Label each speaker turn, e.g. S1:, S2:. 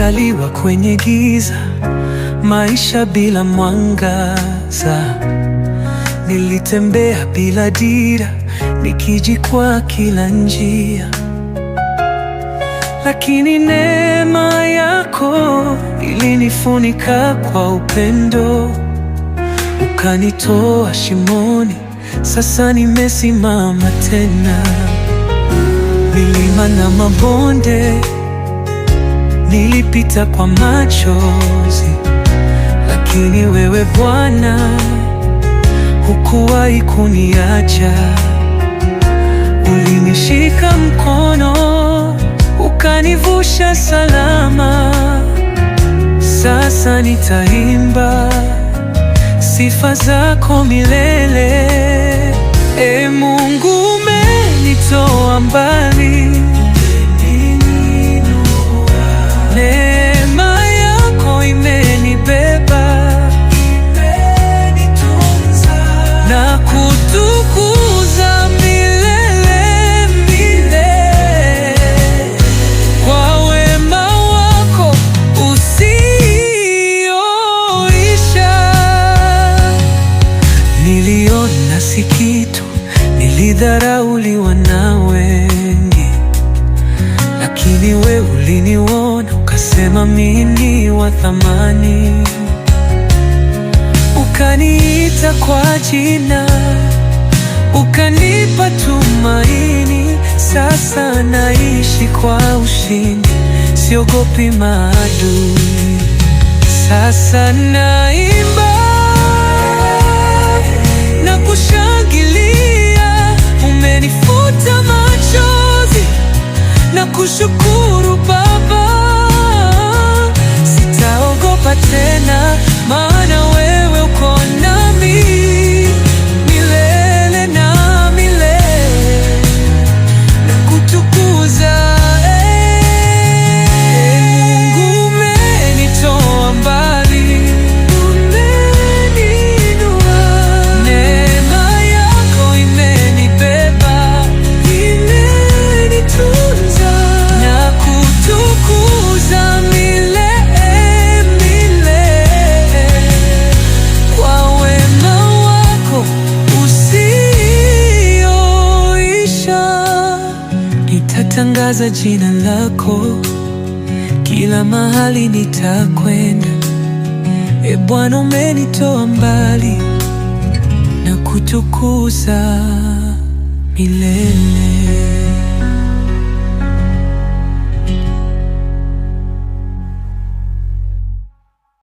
S1: Nilizaliwa kwenye giza, maisha bila mwangaza. Nilitembea bila dira, nikijikwaa kila njia, lakini neema yako ilinifunika kwa upendo, ukanitoa shimoni. Sasa nimesimama tena, milima na mabonde nilipita kwa machozi, lakini wewe Bwana hukuwahi kuniacha. Ulinishika mkono ukanivusha salama. Sasa nitaimba sifa zako milele. E Mungu, umenitoa mbali Nilidharauliwa na wengi, lakini we uliniona ukasema mimi ni wa thamani, ukaniita kwa jina, ukanipa tumaini. Sasa naishi kwa ushindi, siogopi maadui. Sasa naimba Cuxucurubá tangaza jina lako kila mahali nitakwenda. E Bwana, umenitoa mbali na kutukuza milele.